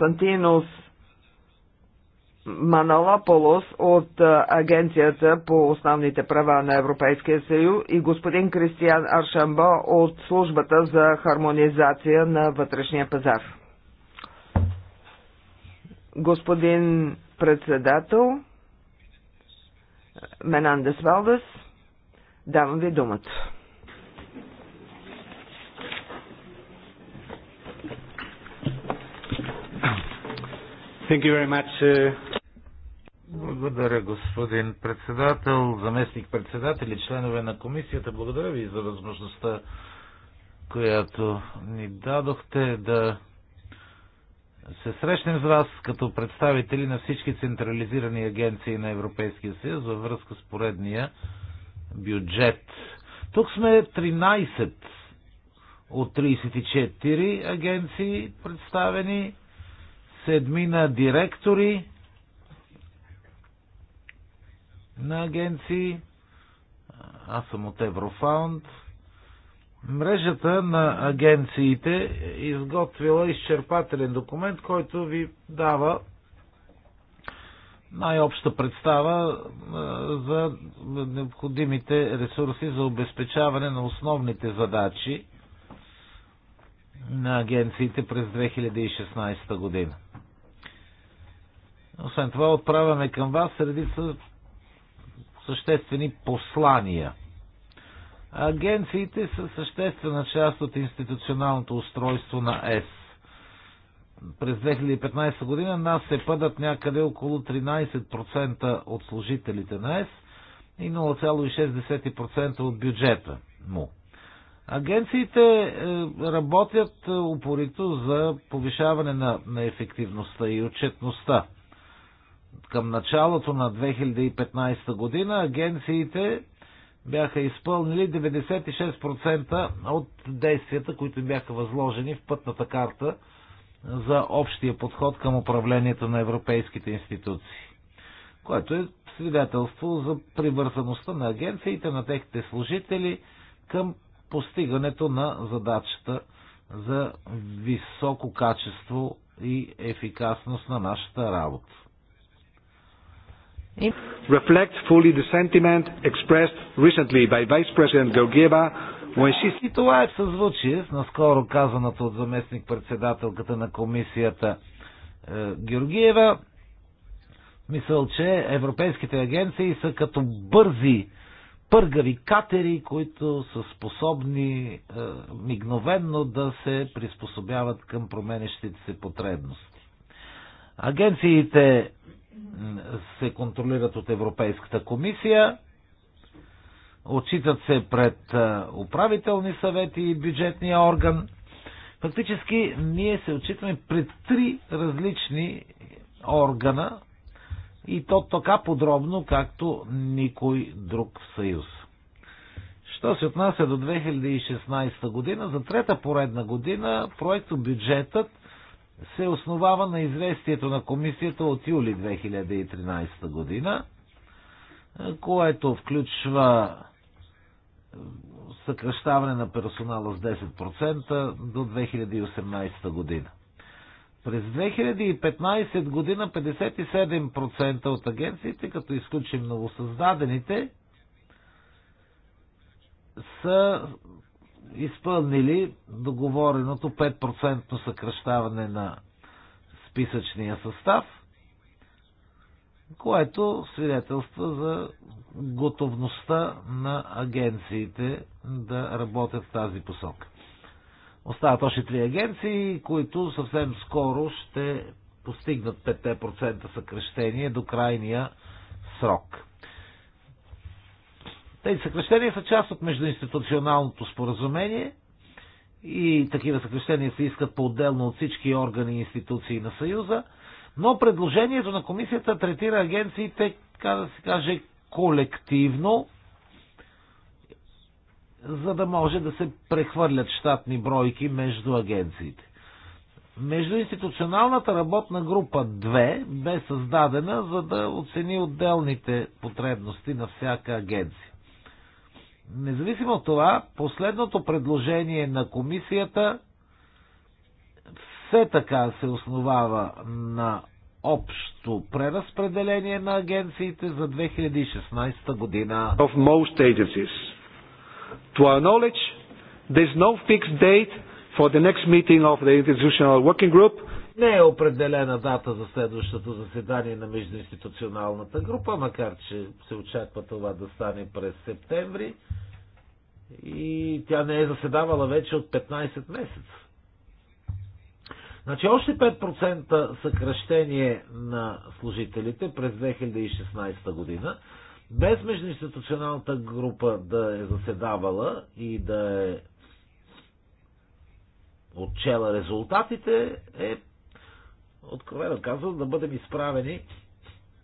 Константинос Маналополос от Агенцията по основните права на Европейския съюз и господин Кристиан Аршамбо от Службата за хармонизация на вътрешния пазар. Господин председател Менандес Валдес, давам ви думата. Thank you very much. Uh, Благодаря, господин председател, заместник председатели, членове на комисията. Благодаря ви за възможността, която ни дадохте да се срещнем с вас като представители на всички централизирани агенции на Европейския съюз във връзка с поредния бюджет. Тук сме 13 от 34 агенции представени седмина директори на агенции. Аз съм от Еврофаунд. Мрежата на агенциите изготвила изчерпателен документ, който ви дава най-обща представа за необходимите ресурси за обезпечаване на основните задачи на агенциите през 2016 година. Освен това, отправяме към вас редица съществени послания. Агенциите са съществена част от институционалното устройство на ЕС. През 2015 година нас се падат някъде около 13% от служителите на ЕС и 0,6% от бюджета му. Агенциите е, работят е, упорито за повишаване на, на ефективността и отчетността към началото на 2015 година агенциите бяха изпълнили 96% от действията, които бяха възложени в пътната карта за общия подход към управлението на европейските институции, което е свидетелство за привързаността на агенциите, на техните служители към постигането на задачата за високо качество и ефикасност на нашата работа reflects fully the sentiment expressed recently by Vice President Georgieva when she... И това е съзвучие с наскоро казаното от заместник-председателката на комисията е, Георгиева, мисъл, че европейските агенции са като бързи пъргави катери, които са способни е, мигновенно да се приспособяват към променещите се потребности. Агенциите се контролират от Европейската комисия, отчитат се пред управителни съвети и бюджетния орган. Фактически ние се отчитаме пред три различни органа и то така подробно, както никой друг съюз. Що се отнася до 2016 година, за трета поредна година проекто бюджетът се основава на известието на комисията от юли 2013 година, е, което включва е, съкръщаване на персонала с 10% до 2018 година. През 2015 година 57% от агенциите, като изключим новосъздадените, са изпълнили договореното 5% съкръщаване на списъчния състав, което свидетелства за готовността на агенциите да работят в тази посока. Остават още три агенции, които съвсем скоро ще постигнат 5% съкрещение до крайния срок. Тези съкрещения са част от междуинституционалното споразумение и такива съкрещения се искат по-отделно от всички органи и институции на Съюза, но предложението на комисията третира агенциите, така да се каже, колективно, за да може да се прехвърлят щатни бройки между агенциите. Междуинституционалната работна група 2 бе създадена, за да оцени отделните потребности на всяка агенция. Независимо от това, последното предложение на комисията все така се основава на общо преразпределение на агенциите за 2016 година. Of most agencies. To our knowledge, there is no fixed date for the next meeting of the institutional working group не е определена дата за следващото заседание на междуинституционалната група, макар че се очаква това да стане през септември. И тя не е заседавала вече от 15 месеца. Значи още 5% съкръщение на служителите през 2016 година, без междуинституционалната група да е заседавала и да е отчела резултатите, е откровено казвам, да бъдем изправени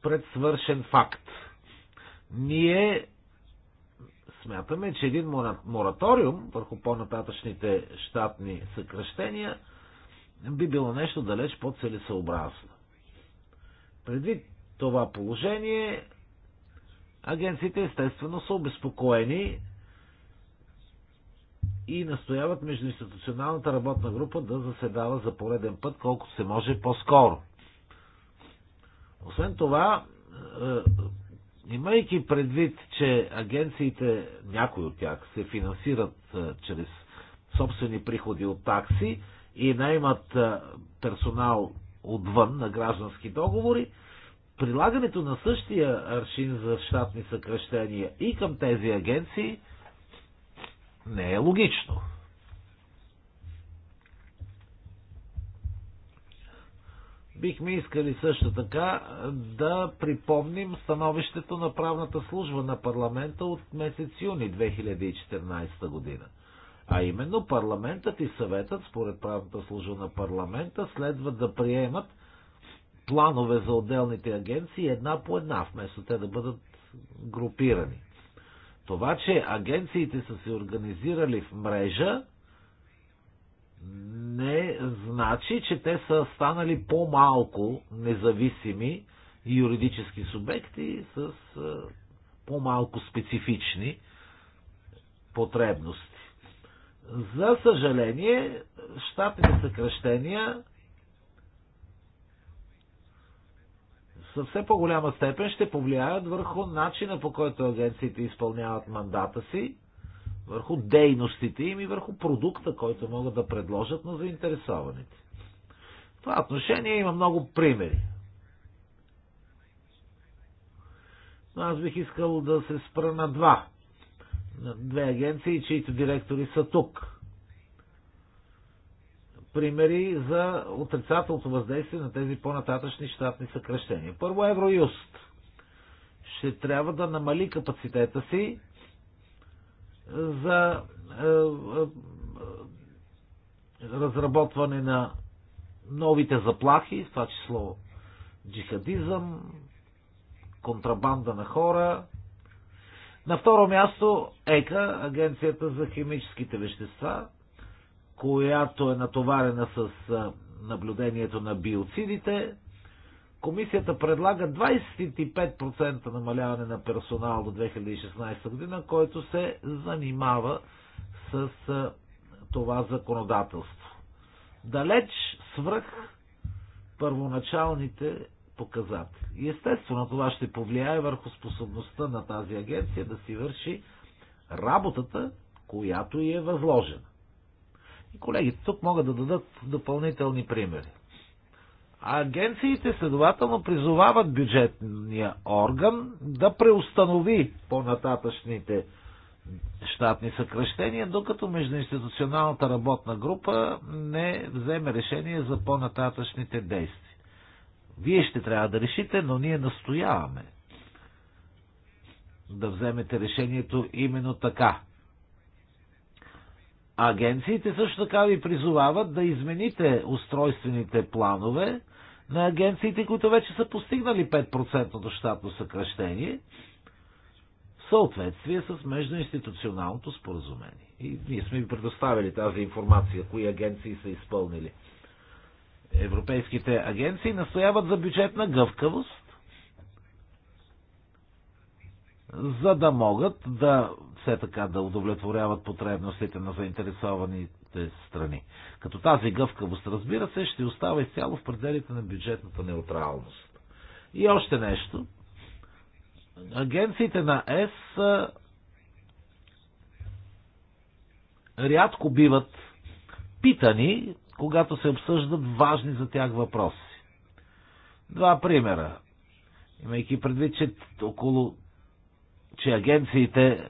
пред свършен факт. Ние смятаме, че един мораториум върху по-нататъчните щатни съкръщения би било нещо далеч по целесообразно Предвид това положение, агенциите естествено са обезпокоени и настояват междуинституционалната работна група да заседава за пореден път, колкото се може по-скоро. Освен това, е, имайки предвид, че агенциите, някои от тях, се финансират е, чрез собствени приходи от такси и наймат е, персонал отвън на граждански договори, прилагането на същия аршин за щатни съкръщения и към тези агенции – не е логично. Бихме искали също така да припомним становището на правната служба на парламента от месец юни 2014 година. А именно парламентът и съветът, според правната служба на парламента, следва да приемат планове за отделните агенции една по една, вместо те да бъдат групирани. Това, че агенциите са се организирали в мрежа, не значи, че те са станали по-малко независими юридически субекти с е, по-малко специфични потребности. За съжаление, щатните съкръщения все по-голяма степен ще повлияят върху начина по който агенциите изпълняват мандата си, върху дейностите им и върху продукта, който могат да предложат на заинтересованите. В това отношение има много примери. Но аз бих искал да се спра на два. На две агенции, чието директори са тук примери за отрицателното въздействие на тези по-нататъчни щатни съкръщения. Първо Евроюст ще трябва да намали капацитета си за е, е, е, разработване на новите заплахи, в това число джихадизъм, контрабанда на хора. На второ място ЕКА, Агенцията за химическите вещества, която е натоварена с наблюдението на биоцидите, комисията предлага 25% намаляване на персонал до 2016 година, който се занимава с това законодателство. Далеч свръх първоначалните показатели. И естествено това ще повлияе върху способността на тази агенция да си върши работата, която й е възложена. Колегите тук могат да дадат допълнителни примери. Агенциите следователно призовават бюджетния орган да преустанови по-нататъчните щатни съкръщения, докато междуинституционалната работна група не вземе решение за по-нататъчните действия. Вие ще трябва да решите, но ние настояваме да вземете решението именно така. Агенциите също така ви призовават да измените устройствените планове на агенциите, които вече са постигнали 5% щатно съкръщение в съответствие с междуинституционалното споразумение. И ние сме ви предоставили тази информация, кои агенции са изпълнили. Европейските агенции настояват за бюджетна гъвкавост, за да могат да все така да удовлетворяват потребностите на заинтересованите страни. Като тази гъвкавост, разбира се, ще остава изцяло в пределите на бюджетната неутралност. И още нещо. Агенциите на ЕС рядко биват питани, когато се обсъждат важни за тях въпроси. Два примера. Имайки предвид, че около че агенциите,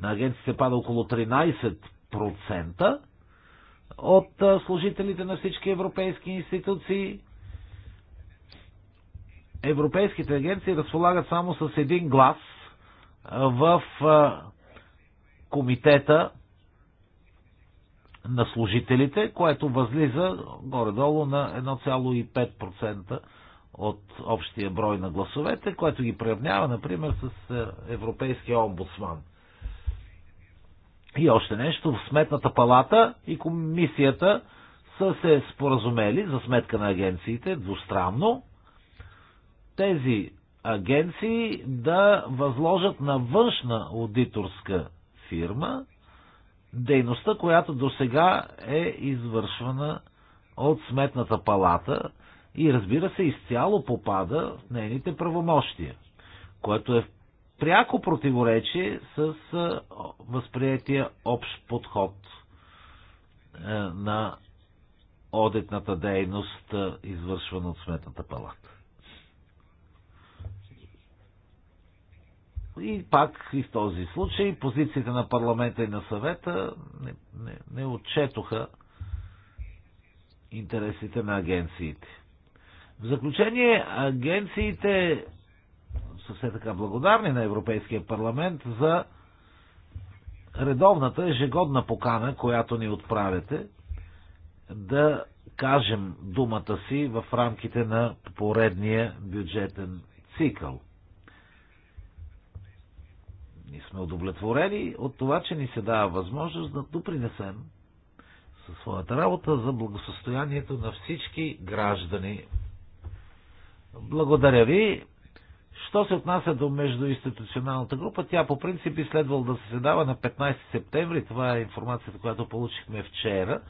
на агенциите пада около 13% от служителите на всички европейски институции. Европейските агенции разполагат само с един глас в комитета на служителите, което възлиза горе-долу на 1,5% от общия брой на гласовете, което ги приравнява, например, с е, Европейския омбудсман. И още нещо, в Сметната палата и комисията са се споразумели за сметка на агенциите двустранно тези агенции да възложат на външна аудиторска фирма дейността, която до сега е извършвана от Сметната палата и разбира се, изцяло попада в нейните правомощия, което е в пряко противоречие с възприятия общ подход на одитната дейност, извършвана от Сметната палата. И пак и в този случай позициите на парламента и на съвета не, не, не отчетоха интересите на агенциите. В заключение, агенциите са все така благодарни на Европейския парламент за редовната ежегодна покана, която ни отправяте, да кажем думата си в рамките на поредния бюджетен цикъл. Ние сме удовлетворени от това, че ни се дава възможност да допринесем със своята работа за благосостоянието на всички граждани благодаря ви. Що се отнася до междуинституционалната група, тя по принцип би следвало да се седава на 15 септември. Това е информацията, която получихме вчера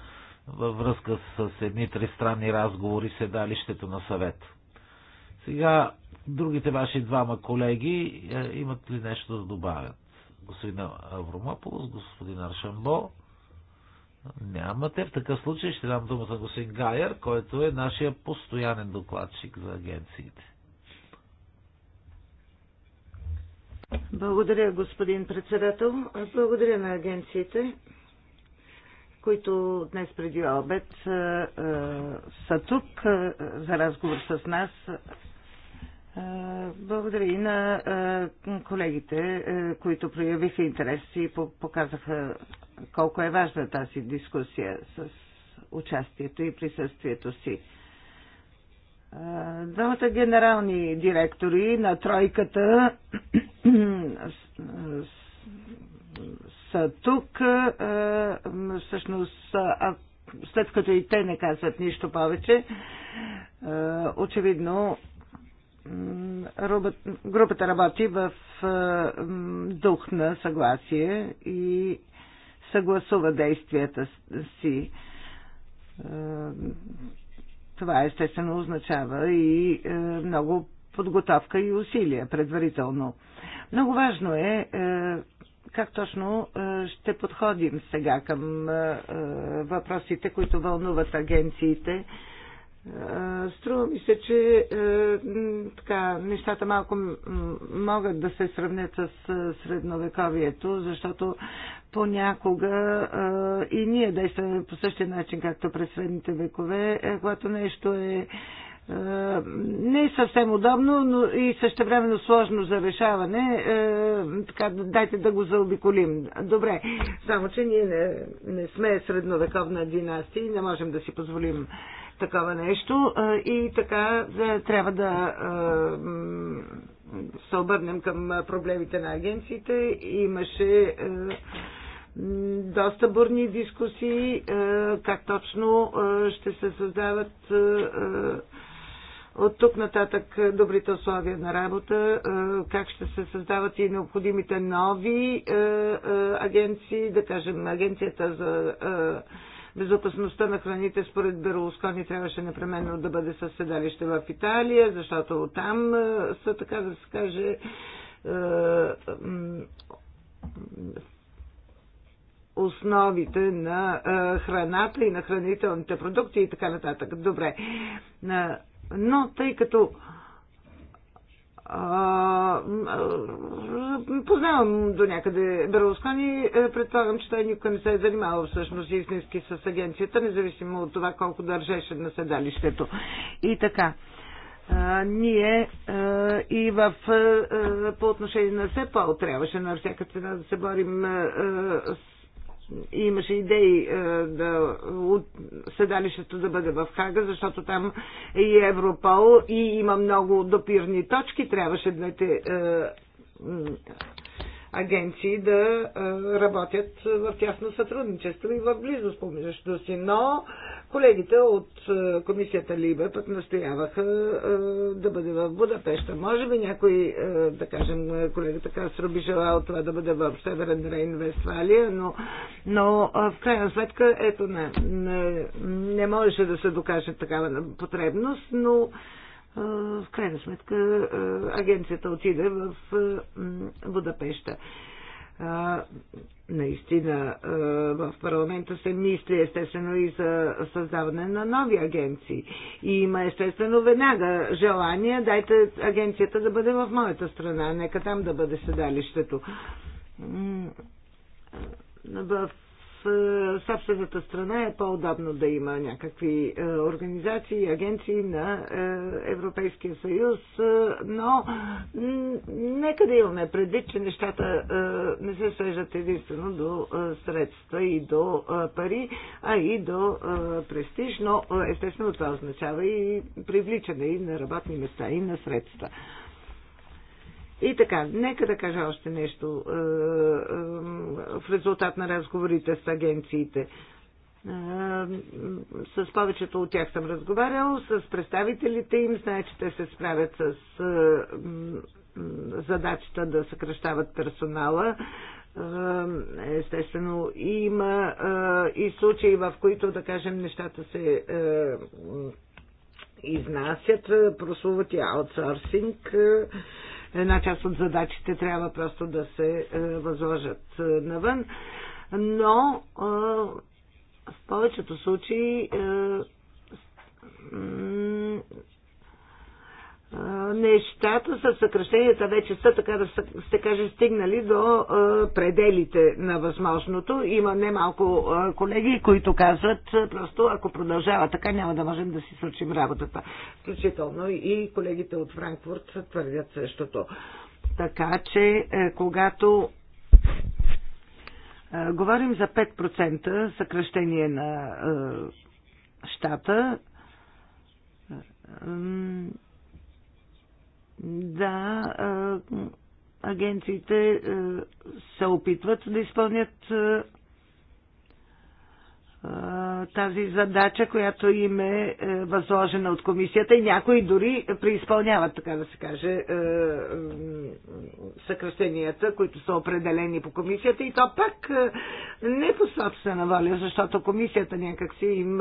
във връзка с едни тристранни разговори с седалището на съвет. Сега, другите ваши двама колеги е, имат ли нещо да добавят? Господин Авромополос, господин Аршамбо. Нямате. В такъв случай ще дам думата за господин Гайер, който е нашия постоянен докладчик за агенциите. Благодаря, господин председател. Благодаря на агенциите, които днес преди обед са тук за разговор с нас. Благодаря и на колегите, които проявиха интерес и показаха колко е важна тази дискусия с участието и присъствието си. Двамата генерални директори на тройката са тук. Всъщност, след като и те не казват нищо повече, очевидно групата работи в дух на съгласие и съгласува действията си. Е, това естествено означава и е, много подготовка и усилия предварително. Много важно е, е как точно ще подходим сега към въпросите, които вълнуват агенциите е, струва ми се, че е, така, нещата малко могат да се сравнят с е, средновековието, защото понякога и ние действаме по същия начин, както през средните векове, когато нещо е не е съвсем удобно, но и същевременно сложно за решаване. Така, дайте да го заобиколим. Добре, само че ние не, не сме средновековна династия и не можем да си позволим такова нещо и така трябва да се обърнем към проблемите на агенциите. Имаше доста бурни дискусии как точно ще се създават от тук нататък добрите условия на работа, как ще се създават и необходимите нови агенции, да кажем агенцията за Безопасността на храните според Берлускони трябваше непременно да бъде със седалище в Италия, защото там е, са, така да се каже, е, основите на е, храната и на хранителните продукти и така нататък. Добре. Но тъй като познавам до някъде Берлускони. Е, предполагам, че той никога не се е занимавал всъщност истински с агенцията, независимо от това колко държеше на седалището. И така. А, ние а, и в, а, по отношение на СЕПО, трябваше на всяка цена да се борим а, и имаше идеи е, да, от седалището да бъде в Хага, защото там е и Европол и има много допирни точки. Трябваше двете е, агенции да работят в тясно сътрудничество и в близост помежду си. Но колегите от комисията Либе пък настояваха да бъде в Будапешта. Може би някой, да кажем, колегата Кастро би желал това да бъде в Северен Рейн, Вестфалия, но, но в крайна сметка, ето, не, не, не можеше да се докаже такава потребност, но в крайна сметка агенцията отиде в Будапешта. Наистина в парламента се мисли естествено и за създаване на нови агенции. И има естествено веднага желание, дайте агенцията да бъде в моята страна, нека там да бъде седалището. В е, собствената страна е по-удобно да има някакви е, организации, агенции на е, Европейския съюз, но нека да имаме предвид, че нещата не се свеждат единствено до средства и до пари, а и до престиж, но естествено това означава и привличане и на работни места, и на средства. И така, нека да кажа още нещо е, е, в резултат на разговорите с агенциите. Е, с повечето от тях съм разговарял, с представителите им, знае, че те се справят с задачата да съкръщават персонала. Естествено, има и случаи, в които, да кажем, нещата се изнасят, прослуват и аутсорсинг. Една част от задачите трябва просто да се е, възложат е, навън, но е, в повечето случаи нещата с съкръщенията вече са, така да се каже, стигнали до пределите на възможното. Има немалко колеги, които казват, просто ако продължава така, няма да можем да си случим работата. Включително и колегите от Франкфурт твърдят същото. Така че, е, когато е, говорим за 5% съкръщение на е, щата, да, агенциите се опитват да изпълнят тази задача, която им е, е възложена от комисията и някои дори преизпълняват, така да се каже, е, съкръщенията, които са определени по комисията и то пак е, не по собствена воля, защото комисията някак си им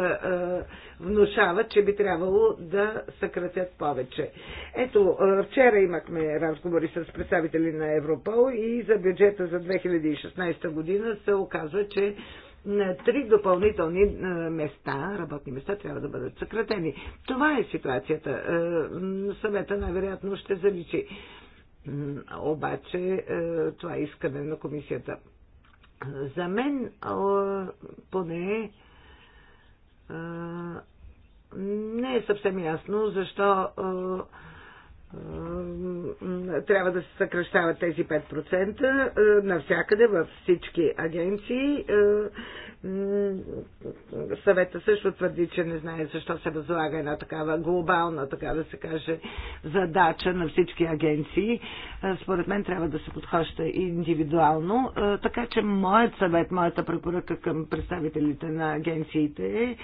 внушава, че би трябвало да съкратят повече. Ето, вчера имахме разговори с представители на Европол и за бюджета за 2016 година се оказва, че на три допълнителни е, места, работни места трябва да бъдат съкратени. Това е ситуацията. Е, съвета най-вероятно ще заличи. Обаче е, това е искане на комисията. За мен поне не е съвсем ясно защо трябва да се съкръщават тези 5% навсякъде във всички агенции Съвета също твърди, че не знае защо се възлага една такава глобална, така да се каже, задача на всички агенции. Е, според мен трябва да се подхожда индивидуално. Е, така че моят съвет, моята препоръка към представителите на агенциите е, е,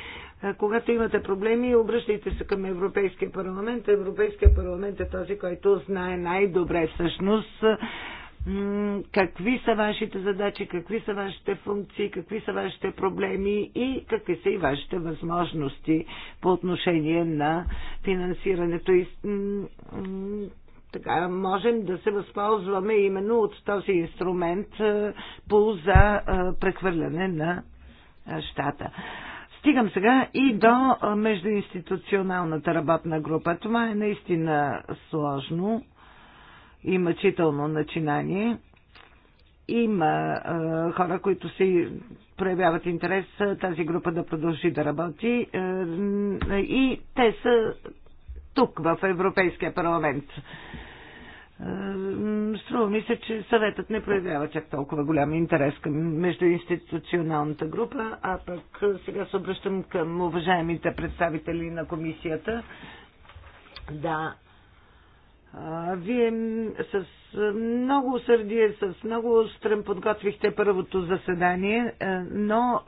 когато имате проблеми, обръщайте се към Европейския парламент. Европейския парламент е този, който знае най-добре всъщност какви са вашите задачи, какви са вашите функции, какви са вашите проблеми и какви са и вашите възможности по отношение на финансирането. И, така, можем да се възползваме именно от този инструмент по за прехвърляне на щата. Стигам сега и до междуинституционалната работна група. Това е наистина сложно и мъчително начинание. Има е, хора, които си проявяват интерес тази група да продължи да работи е, и те са тук, в Европейския парламент. Струва ми се, че съветът не проявява чак толкова голям интерес към междуинституционалната група, а пък сега се обръщам към уважаемите представители на комисията. Да, вие с много усърдие, с много стрем подготвихте първото заседание, е, но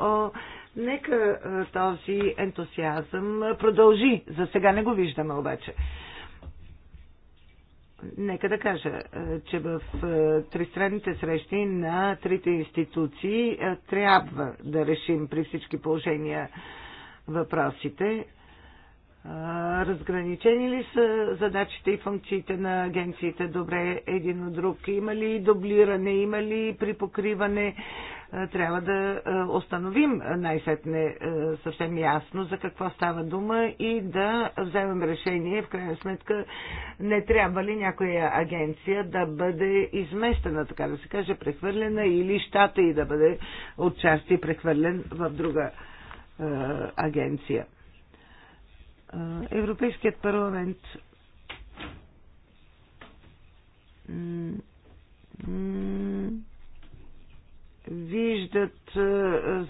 нека е, този ентусиазъм продължи. За сега не го виждаме обаче. Нека да кажа, е, че в тристранните срещи на трите институции трябва да решим при всички положения въпросите Разграничени ли са задачите и функциите на агенциите добре един от друг? Има ли дублиране, има ли припокриване? Трябва да установим най-сетне съвсем ясно за какво става дума и да вземем решение. В крайна сметка не трябва ли някоя агенция да бъде изместена, така да се каже, прехвърлена или щата и да бъде отчасти прехвърлен в друга агенция. Европейският парламент виждат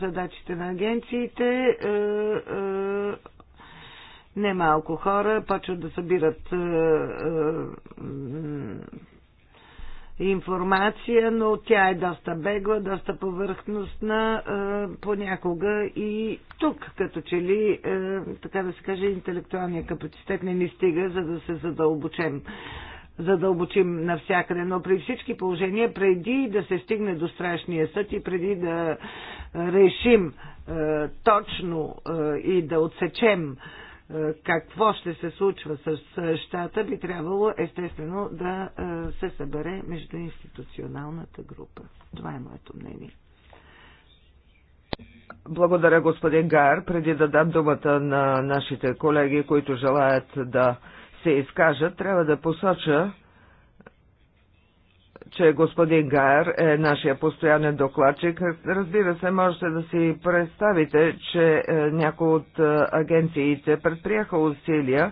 задачите на агенциите. Немалко хора почват да събират информация, но тя е доста бегла, доста повърхностна, е, понякога и тук, като че ли, е, така да се каже, интелектуалния капацитет не ни стига, за да се задълбочем задълбочим навсякъде, но при всички положения, преди да се стигне до страшния съд и преди да решим е, точно е, и да отсечем е, е, какво ще се случва с е, щата, би трябвало естествено да е, се събере между институционалната група. Това е моето мнение. Благодаря, господин Гар. Преди да дам думата на нашите колеги, които желаят да се изкажат, трябва да посоча, че господин Гайер е нашия постоянен докладчик. Разбира се, можете да си представите, че е, някои от е, агенциите предприеха усилия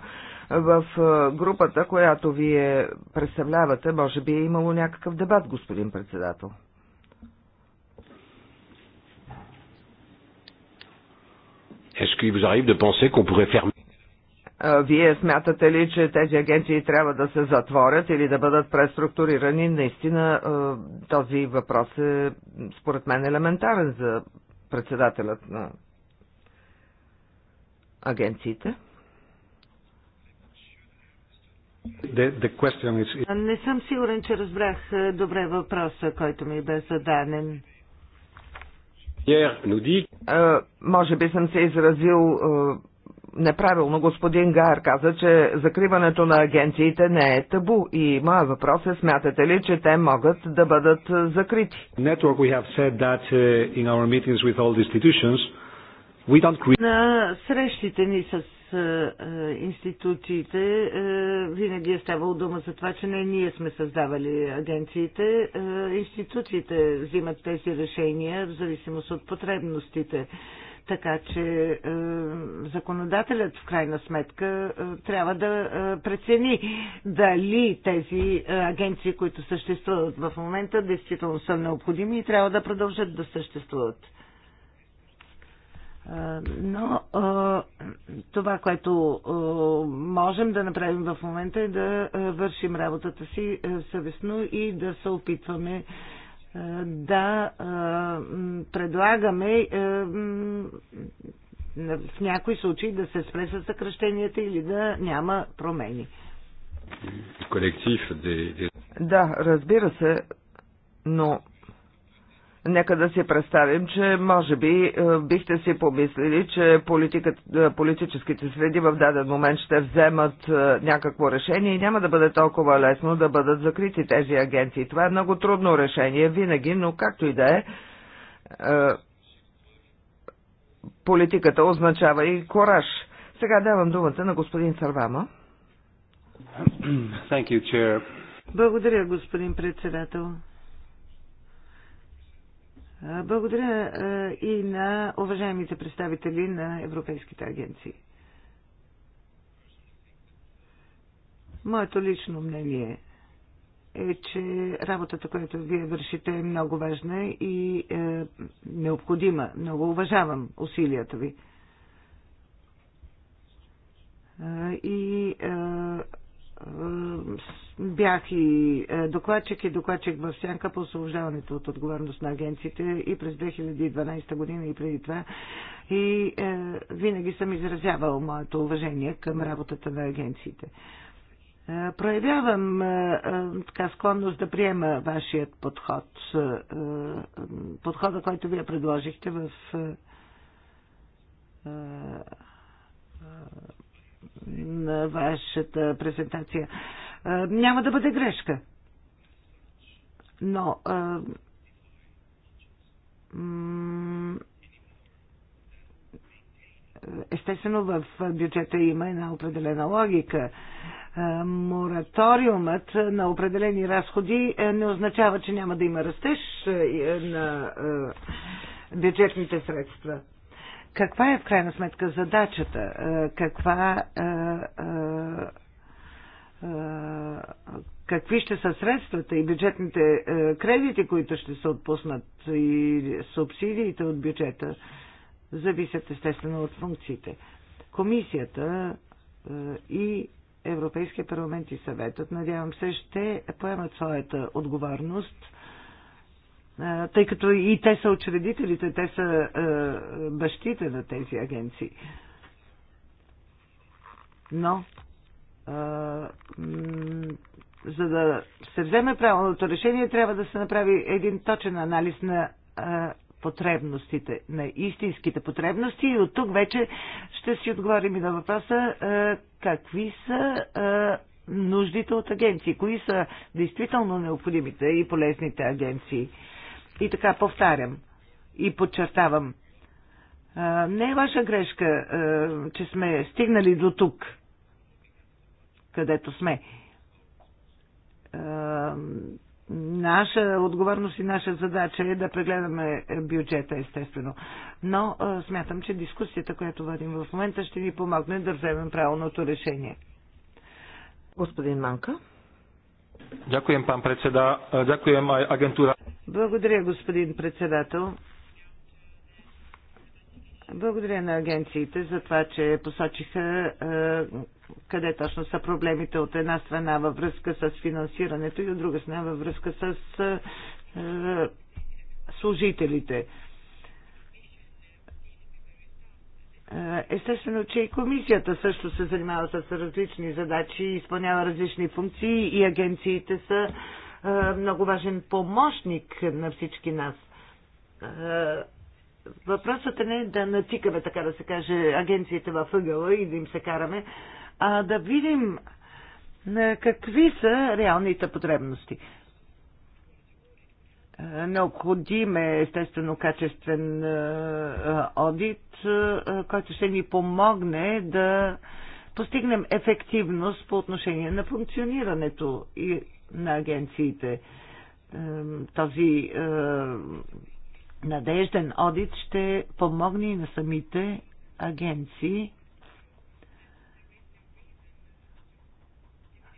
в е, групата, която вие представлявате. Може би е имало някакъв дебат, господин председател. Est-ce qu'il vous arrive de penser qu'on pourrait fermer вие смятате ли, че тези агенции трябва да се затворят или да бъдат преструктурирани? Наистина този въпрос е, според мен, елементарен за председателят на агенциите. The, the question is... Не съм сигурен, че разбрах добре въпроса, който ми бе зададен. uh, може би съм се изразил uh, неправилно господин Гар каза, че закриването на агенциите не е табу и моя въпрос е смятате ли, че те могат да бъдат закрити? Network, we have said that uh, in our meetings with all the institutions, we don't create... На срещите ни с е, е, институциите е, винаги е ставало дума за това, че не ние сме създавали агенциите. Институциите взимат тези решения в зависимост от потребностите. Така че е, законодателят в крайна сметка е, трябва да е, прецени дали тези е, агенции, които съществуват в момента, действително са необходими и трябва да продължат да съществуват. Е, но е, това, което е, можем да направим в момента е да вършим работата си съвестно и да се опитваме да предлагаме в някои случаи да се спре с съкръщенията или да няма промени. Да, разбира се, но Нека да си представим, че може би е, бихте си помислили, че е, политическите среди в даден момент ще вземат е, някакво решение и няма да бъде толкова лесно да бъдат закрити тези агенции. Това е много трудно решение винаги, но както и да е, политиката означава и кораж. Сега давам думата на господин Сарвама. Благодаря, господин председател. Благодаря и на уважаемите представители на европейските агенции. Моето лично мнение е, че работата, която вие вършите е много важна и е, необходима. Много уважавам усилията ви. И е, бях и е, докладчик и докладчик в сянка по освобождаването от отговорност на агенциите и през 2012 година и преди това. И е, винаги съм изразявал моето уважение към работата на агенциите. Е, проявявам е, е, така склонност да приема вашият подход, е, е подхода, който вие предложихте в е, е на вашата презентация. Няма да бъде грешка. Но естествено в бюджета има една определена логика. Мораториумът на определени разходи не означава, че няма да има растеж на бюджетните средства каква е в крайна сметка задачата, е, каква, е, е, какви ще са средствата и бюджетните кредити, които ще се отпуснат и субсидиите от бюджета, зависят естествено от функциите. Комисията и Европейския парламент и съветът, надявам се, ще поемат своята отговорност – тъй като и те са учредителите, те са бащите на тези агенции. Но за да се вземе правилното решение, трябва да се направи един точен анализ на а, потребностите, на истинските потребности и от тук вече ще си отговорим и на въпроса а, какви са а, нуждите от агенции, кои са действително необходимите и полезните агенции. И така, повтарям и подчертавам. Не е ваша грешка, че сме стигнали до тук, където сме. Наша отговорност и наша задача е да прегледаме бюджета, естествено. Но смятам, че дискусията, която водим в момента, ще ни помогне да вземем правилното решение. Господин Манка. Дякуем, пан председа. Дякуем, агентура. Благодаря, господин председател. Благодаря на агенциите за това, че посочиха е, къде точно са проблемите от една страна във връзка с финансирането и от друга страна във връзка с е, служителите. Е, естествено, че и комисията също се занимава с различни задачи, изпълнява различни функции и агенциите са е, много важен помощник на всички нас. Е, въпросът е не да натикаме, така да се каже, агенциите в ъгъла и да им се караме, а да видим е, какви са реалните потребности. Необходим е естествено качествен одит, който ще ни помогне да постигнем ефективност по отношение на функционирането и на агенциите. Този надежден одит ще помогне и на самите агенции.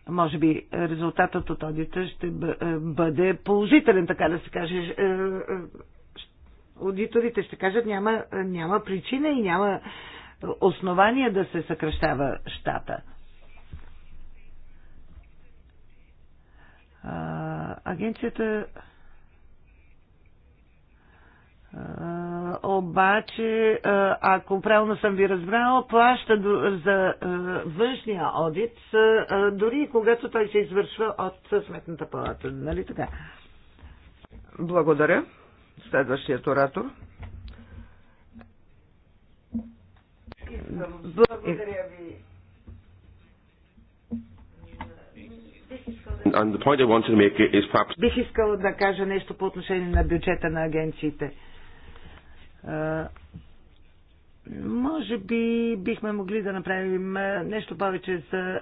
Може би резултатът от одита ще е, бъде положителен, така да се каже. Е, е, аудиторите ще кажат, няма, няма причина и няма основания да се съкръщава щата. агенцията обаче, ако правилно съм ви разбрала, плаща за външния одит, дори когато той се извършва от Сметната палата. Нали така? Благодаря. Следващият оратор. Благодаря ви. and the point I wanted to make is perhaps... Бих искал да кажа нещо по отношение на бюджета на агенциите. може би бихме могли да направим нещо повече за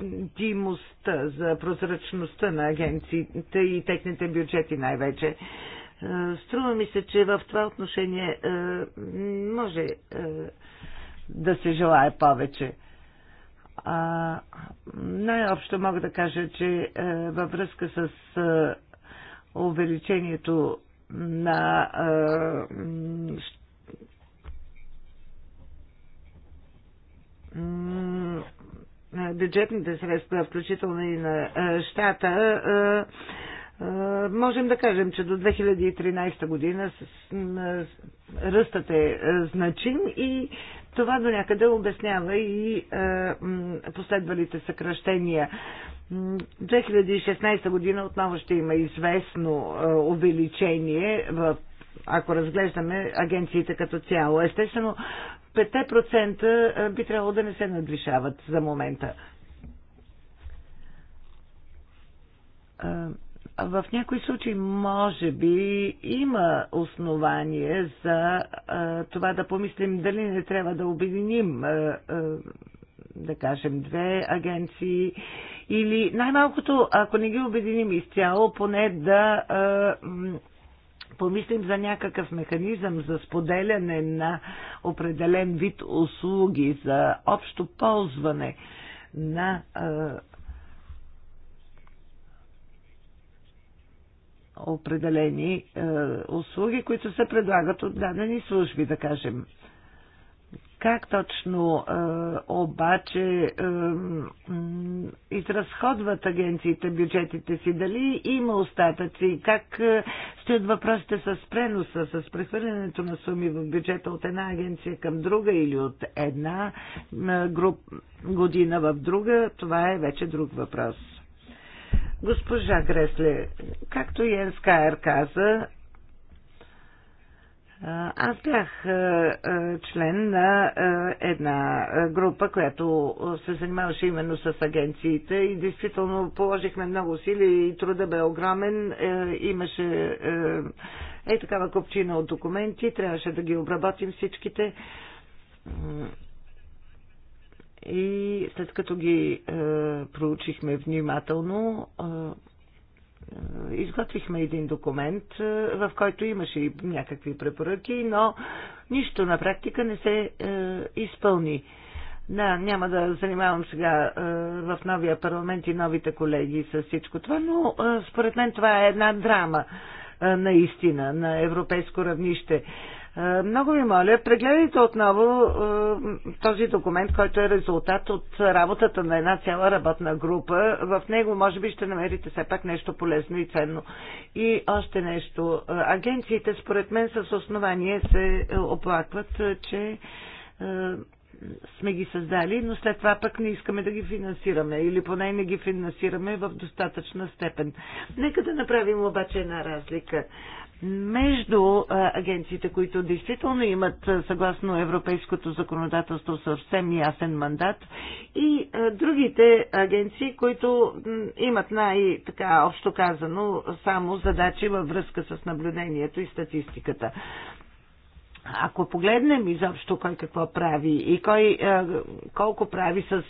видимостта, за прозрачността на агенциите и техните бюджети най-вече. Струва ми се, че в това отношение може да се желая повече най-общо мога да кажа, че а, е, във връзка с а, е, увеличението на а, е, бюджетните средства, включително и на щата, можем да кажем, че до 2013 година ръстът е значим и това до някъде обяснява и е, последвалите съкръщения. 2016 година отново ще има известно е, увеличение в ако разглеждаме агенциите като цяло. Естествено, 5% е, би трябвало да не се надвишават за момента. В някои случаи може би има основание за а, това да помислим дали не трябва да обединим, а, а, да кажем, две агенции или най-малкото, ако не ги обединим изцяло, поне да а, помислим за някакъв механизъм за споделяне на определен вид услуги, за общо ползване на а, определени е, услуги, които се предлагат от дадени служби, да кажем. Как точно е, обаче е, изразходват агенциите бюджетите си? Дали има остатъци? Как е, стоят въпросите с преноса, с прехвърлянето на суми в бюджета от една агенция към друга или от една е, груп, година в друга? Това е вече друг въпрос. Госпожа Гресле, както и НСКР каза, аз бях член на една група, която се занимаваше именно с агенциите и действително положихме много усилия и труда бе огромен. Имаше е такава копчина от документи, трябваше да ги обработим всичките. И след като ги е, проучихме внимателно, е, е изготвихме един документ, е, в който имаше и някакви препоръки, но нищо на практика не се е, изпълни. Да, няма да занимавам сега е, в новия парламент и новите колеги с всичко това, но е, според мен това е една драма е, наистина на европейско равнище. Е, е, много ви моля, прегледайте отново е, този документ, който е резултат от работата на една цяла работна група. В него може би ще намерите все пак нещо полезно и ценно. И още нещо. Е, агенциите, според мен, с основание се оплакват, че сме ги създали, но след това пък не искаме да ги финансираме или поне не ги финансираме в достатъчна степен. Нека да направим обаче една разлика между агенциите, които действително имат съгласно европейското законодателство съвсем ясен мандат и другите агенции, които имат най-така общо казано само задачи във връзка с наблюдението и статистиката. Ако погледнем изобщо кой какво прави и кой колко прави с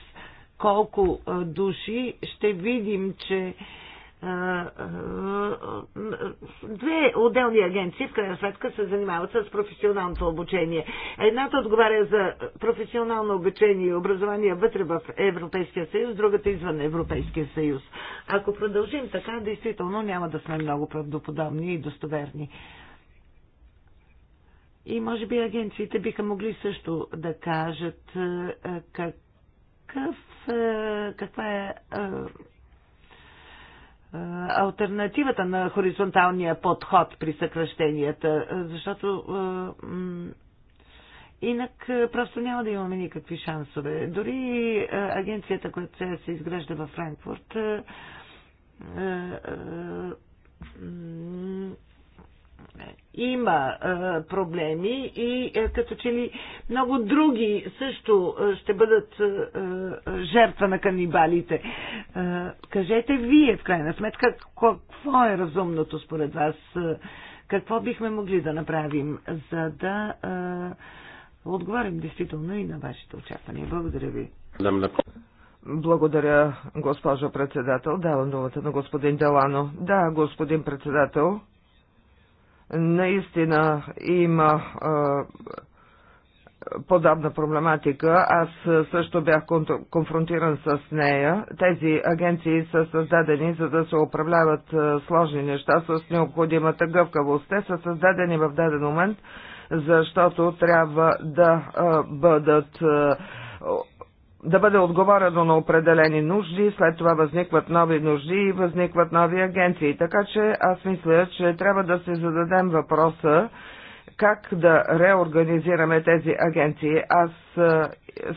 колко души, ще видим, че две отделни агенции в крайна сметка се занимават с професионалното обучение. Едната отговаря за професионално обучение и образование вътре в Европейския съюз, другата извън Европейския съюз. Ако продължим така, действително няма да сме много правдоподобни и достоверни. И може би агенциите биха могли също да кажат какъв, каква е альтернативата на хоризонталния подход при съкръщенията, защото Инак просто няма да имаме никакви шансове. Дори агенцията, която се, се изгражда във Франкфурт, има е, проблеми и е, като че ли много други също е, ще бъдат е, е, жертва на канибалите. Е, кажете вие, в крайна сметка, какво е разумното според вас? Е, какво бихме могли да направим, за да е, отговорим действително и на вашите очаквания? Благодаря ви. Благодаря, госпожо председател. Давам думата на господин Делано. Да, господин председател наистина има подобна проблематика. Аз също бях конфронтиран с нея. Тези агенции са създадени за да се управляват сложни неща с необходимата гъвкавост. Те са създадени в даден момент, защото трябва да бъдат да бъде отговорено на определени нужди, след това възникват нови нужди и възникват нови агенции. Така че аз мисля, че трябва да се зададем въпроса как да реорганизираме тези агенции. Аз е,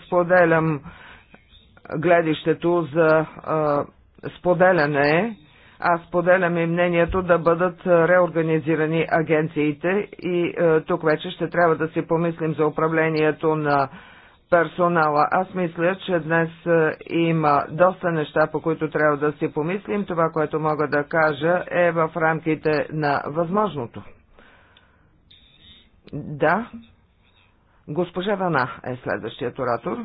споделям гледището за е, споделяне. Аз споделям и мнението да бъдат реорганизирани агенциите и е, тук вече ще трябва да си помислим за управлението на персонала. Аз мисля, че днес е, има доста неща, по които трябва да си помислим. Това, което мога да кажа, е в рамките на възможното. Да. Госпожа Вана е следващият оратор.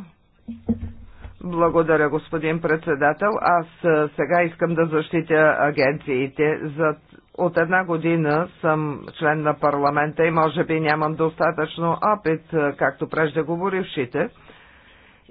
Благодаря, господин председател. Аз е, сега искам да защитя агенциите. За от една година съм член на парламента и може би нямам достатъчно опит, е, както преждеговорившите.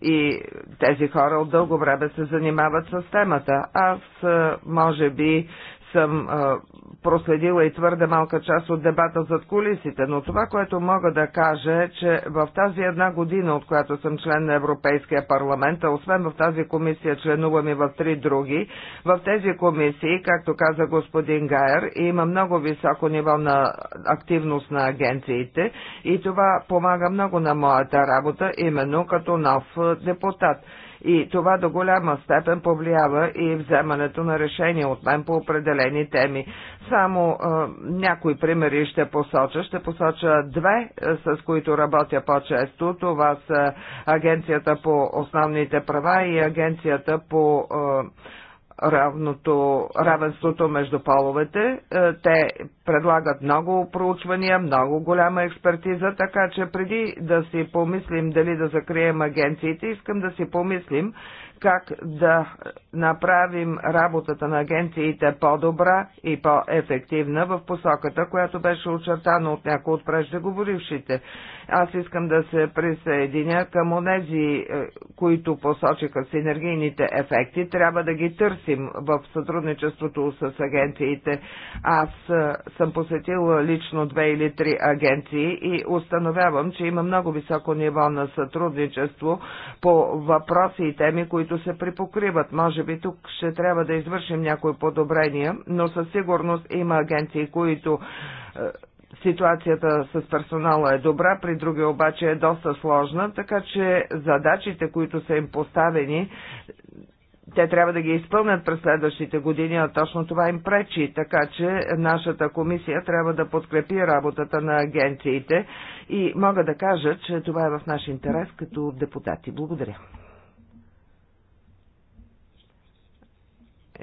И тези хора от дълго време се занимават с темата. Аз, е, може би, съм а, проследила и твърде малка част от дебата зад кулисите, но това, което мога да кажа е, че в тази една година, от която съм член на Европейския парламент, а освен в тази комисия членувам и в три други, в тези комисии, както каза господин Гайер, има много високо ниво на активност на агенциите и това помага много на моята работа, именно като нов депутат и това до голяма степен повлиява и вземането на решения от мен по определени теми. Само е, някои примери ще посоча. Ще посоча две, с които работя по-често. Това са Агенцията по основните права и Агенцията по е, равното, равенството между половете. Е, те предлагат много проучвания, много голяма експертиза, така че преди да си помислим дали да закрием агенциите, искам да си помислим как да направим работата на агенциите по-добра и по-ефективна в посоката, която беше очертана от някои от преждеговорившите. Аз искам да се присъединя към онези, е, които посочиха синергийните ефекти. Трябва да ги търсим в сътрудничеството с агенциите. Аз е, съм посетила лично две или три агенции и установявам, че има много високо ниво на сътрудничество по въпроси и теми, които които се припокриват. Може би тук ще трябва да извършим някои подобрения, но със сигурност има агенции, които е, Ситуацията с персонала е добра, при други обаче е доста сложна, така че задачите, които са им поставени, те трябва да ги изпълнят през следващите години, а точно това им пречи, така че нашата комисия трябва да подкрепи работата на агенциите и мога да кажа, че това е в наш интерес като депутати. Благодаря.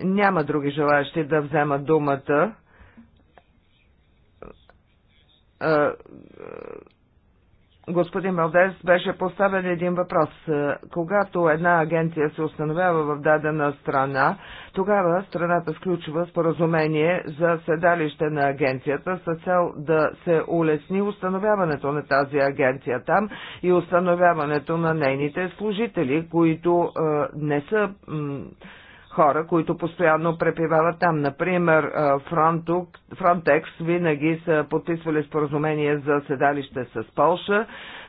Няма други желаящи да вземат думата. Е, е, господин Малдес беше поставен един въпрос. Е, когато една агенция се установява в дадена страна, тогава страната сключва споразумение за седалище на агенцията с цел да се улесни установяването на тази агенция там и установяването на нейните служители, които не са хора, които постоянно препивават там. Например, Frontex винаги са подписвали споразумение за седалище с Полша,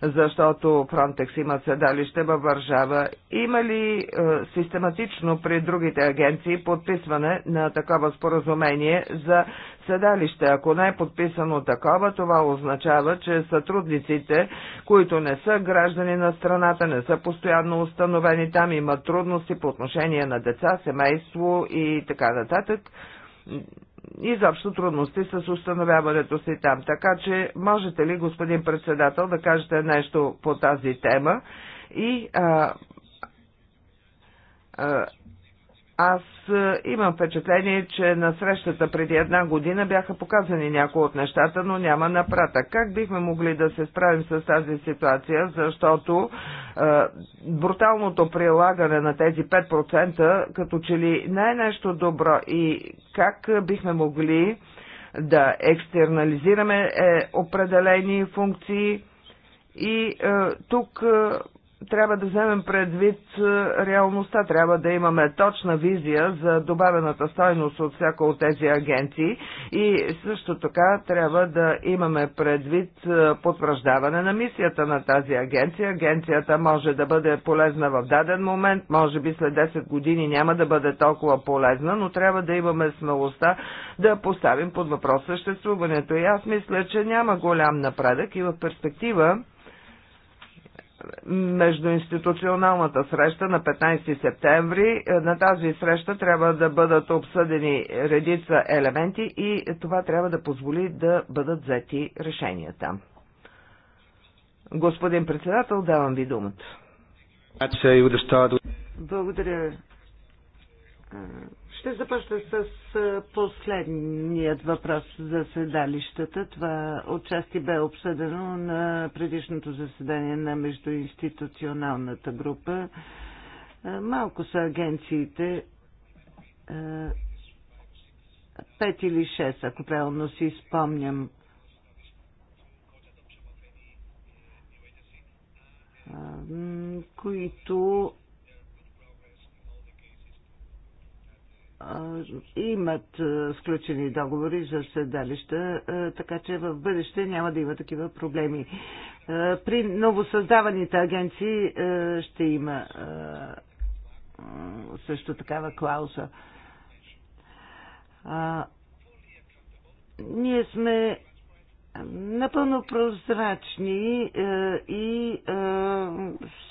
защото Фронтекс имат седалище във Варшава. Има ли е, систематично при другите агенции подписване на такова споразумение за седалище? Ако не е подписано такова, това означава, че сътрудниците, които не са граждани на страната, не са постоянно установени там, имат трудности по отношение на деца, семейство и така нататък изобщо трудности с установяването си там. Така че можете ли, господин председател, да кажете нещо по тази тема и а, а, аз е, имам впечатление, че на срещата преди една година бяха показани някои от нещата, но няма напрата. Как бихме могли да се справим с тази ситуация, защото е, бруталното прилагане на тези 5% като че ли не е нещо добро и как бихме могли да екстернализираме е, определени функции и е, тук е, трябва да вземем предвид е, реалността, трябва да имаме точна визия за добавената стойност от всяка от тези агенции и също така трябва да имаме предвид е, потвърждаване на мисията на тази агенция. Агенцията може да бъде полезна в даден момент, може би след 10 години няма да бъде толкова полезна, но трябва да имаме смелостта да поставим под въпрос съществуването. И аз мисля, че няма голям напредък и в перспектива междуинституционалната среща на 15 септември. Е, на тази среща трябва да бъдат обсъдени редица елементи и това трябва да позволи да бъдат взети решенията. Господин председател, давам ви думата. Благодаря, ще започна с последният въпрос за седалищата. Това отчасти бе обсъдено на предишното заседание на междуинституционалната група. Малко са агенциите, пет или шест, ако правилно си спомням. които имат сключени договори за седалища, така че в бъдеще няма да има такива проблеми. При новосъздаваните агенции ще има също такава клауза. Ние сме напълно прозрачни е, и е,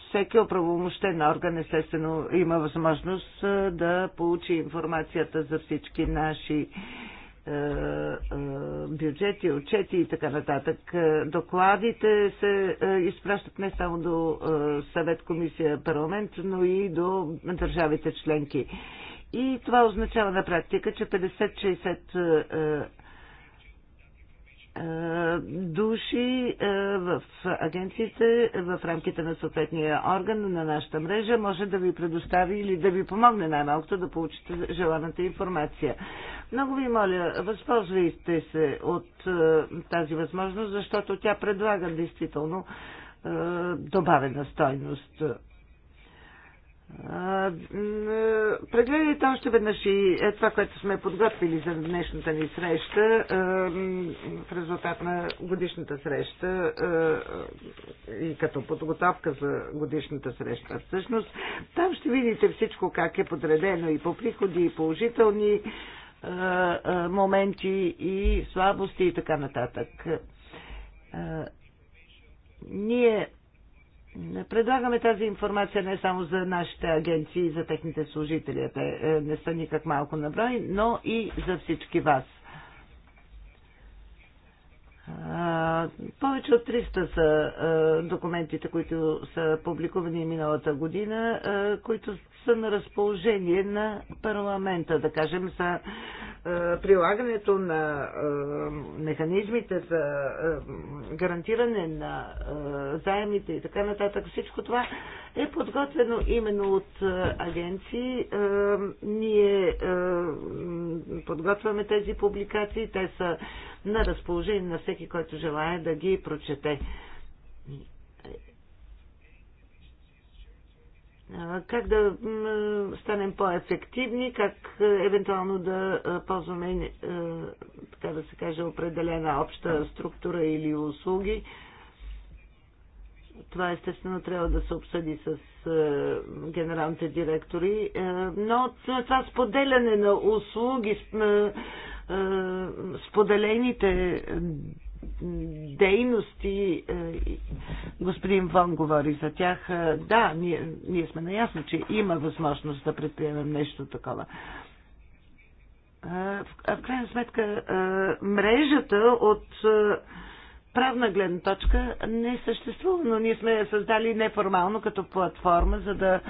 всеки оправомощен орган естествено има възможност е, да получи информацията за всички наши бюджети, отчети и така нататък. Докладите се изпращат не само до съвет, комисия, парламент, но и до държавите членки. И това означава на практика, че 50-60 е, души е, в агенциите в рамките на съответния орган на нашата мрежа може да ви предостави или да ви помогне най-малкото да получите желаната информация. Много ви моля, възползвайте се от е, тази възможност, защото тя предлага действително добавена стойност. Прегледайте още веднъж и е това, което сме подготвили за днешната ни среща в резултат на годишната среща и като подготовка за годишната среща. Всъщност там ще видите всичко как е подредено и по приходи, и положителни моменти, и слабости и така нататък. Ние Предлагаме тази информация не само за нашите агенции и за техните служители, те е, не са никак малко наброи, но и за всички вас. Повече от 300 са документите, които са публикувани миналата година, които са на разположение на парламента, да кажем, за прилагането на механизмите за гарантиране на заемите и така нататък. Всичко това е подготвено именно от агенции. Ние подготвяме тези публикации. Те са на разположение на всеки, който желая да ги прочете. Как да станем по-ефективни, как е, евентуално да ползваме, така да се каже, определена обща структура или услуги това естествено трябва да се обсъди с е, генералните директори, е, но това споделяне на услуги, е, споделените дейности, господин Вон говори за тях, да, ние, ние сме наясно, че има възможност да предприемем нещо такова. В крайна сметка, мрежата от правна гледна точка не съществува, но ние сме я създали неформално като платформа, за да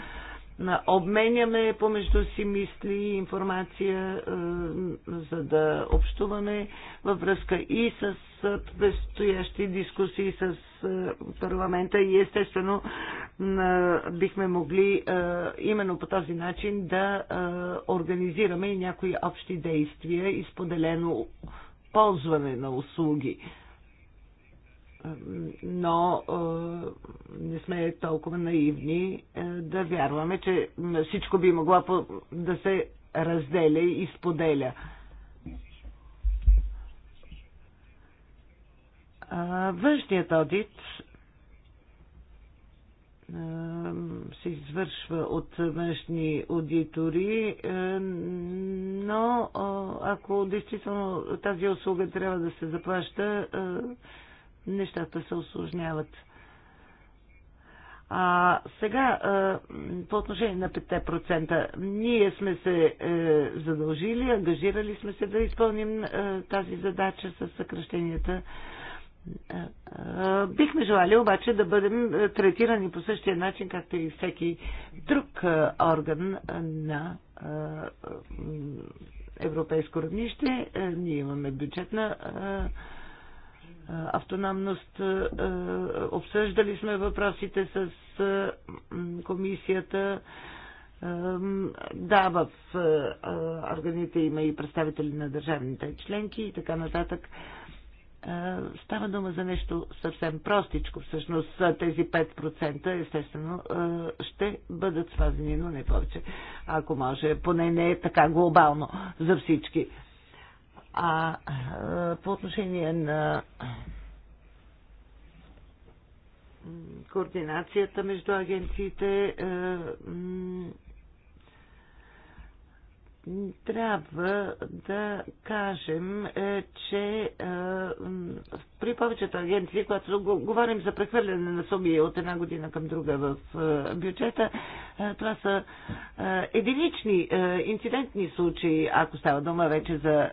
обменяме помежду си мисли и информация, за да общуваме във връзка и с предстоящи дискусии с парламента и естествено бихме могли именно по този начин да организираме и някои общи действия и споделено ползване на услуги но не сме толкова наивни да вярваме, че всичко би могло да се разделя и споделя. Външният одит се извършва от външни аудитори, но ако действително тази услуга трябва да се заплаща, нещата се осложняват. А сега, по отношение на 5%, ние сме се е, задължили, ангажирали сме се да изпълним е, тази задача с съкръщенията. Е, бихме желали обаче да бъдем третирани по същия начин, както и всеки друг орган на европейско равнище. Ние имаме бюджетна автономност. Е, е, обсъждали сме въпросите с е, комисията. Да, в органите има и представители на държавните членки и така нататък. Става дума за нещо съвсем простичко. Всъщност тези 5% естествено ще бъдат спазени, но не повече. Ако може, поне не е така глобално за всички. А по отношение на координацията между агенциите, е, трябва да кажем, е, че е, при повечето агенции, когато говорим за прехвърляне на суми от една година към друга в е, бюджета, това са единични, инцидентни случаи, ако става дума вече за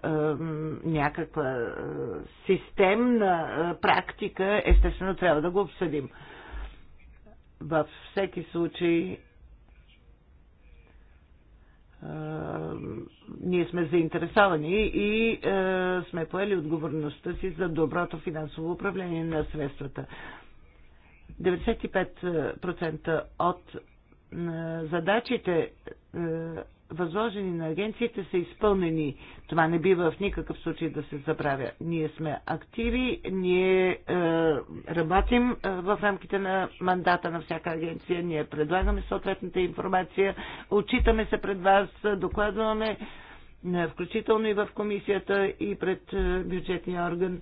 някаква системна практика, естествено трябва да го обсъдим. Във всеки случай е, ние сме заинтересовани и е, сме поели отговорността си за доброто финансово управление на средствата. 95% е, от задачите възложени на агенциите, са изпълнени. Това не бива в никакъв случай да се забравя. Ние сме активи, ние е, работим е, в рамките на мандата на всяка агенция, ние предлагаме съответната информация, отчитаме се пред вас, докладваме, е, включително и в комисията, и пред е, бюджетния орган.